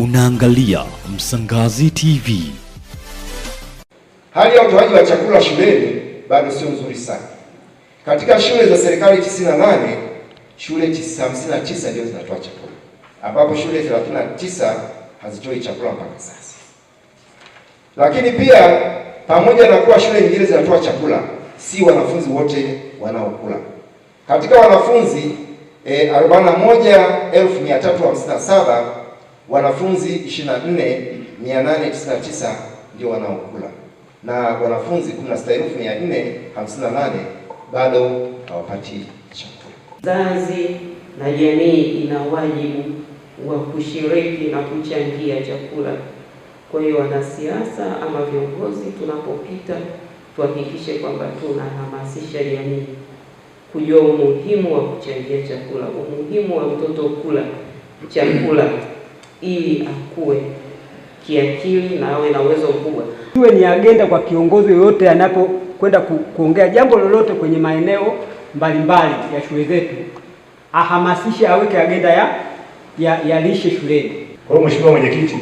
Unaangalia Msangazi TV. Hali ya utoaji wa chakula shuleni bado sio nzuri sana. Katika shule za serikali 98 shule 59 ndio zinatoa chakula, ambapo shule 39 hazitoi chakula mpaka sasa. Lakini pia pamoja na kuwa shule nyingine zinatoa chakula, si wanafunzi wote wanaokula. Katika wanafunzi eh, 41357 wanafunzi 24899 ndio wanaokula na wanafunzi 16458 bado hawapati chakula. zazi na jamii ina wajibu wa kushiriki na kuchangia chakula. Kwa hiyo wanasiasa ama viongozi tunapopita, tuhakikishe kwamba tunahamasisha jamii kujua umuhimu wa kuchangia chakula, umuhimu wa mtoto kula chakula ili akue kiakili na awe na uwezo mkubwa. Iwe ni agenda kwa kiongozi yoyote anapokwenda kuongea jambo lolote kwenye maeneo mbalimbali ya shule zetu, ahamasishe, aweke agenda ya ya, ya lishe shuleni. Kwa hiyo Mheshimiwa Mwenyekiti,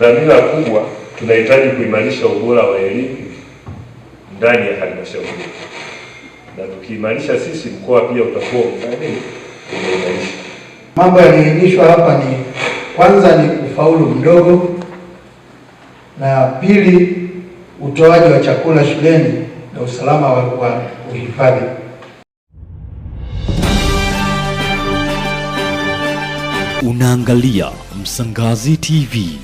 dhamira kubwa tunahitaji kuimarisha ubora wa elimu ndani ya halmashauri na tukiimarisha sisi mkoa pia utakuwa umeimarisha. Mambo yaliyoainishwa hapa ni kwanza ni ufaulu mdogo, na pili utoaji wa chakula shuleni na usalama wa, wa uhifadhi. Unaangalia Msangazi TV.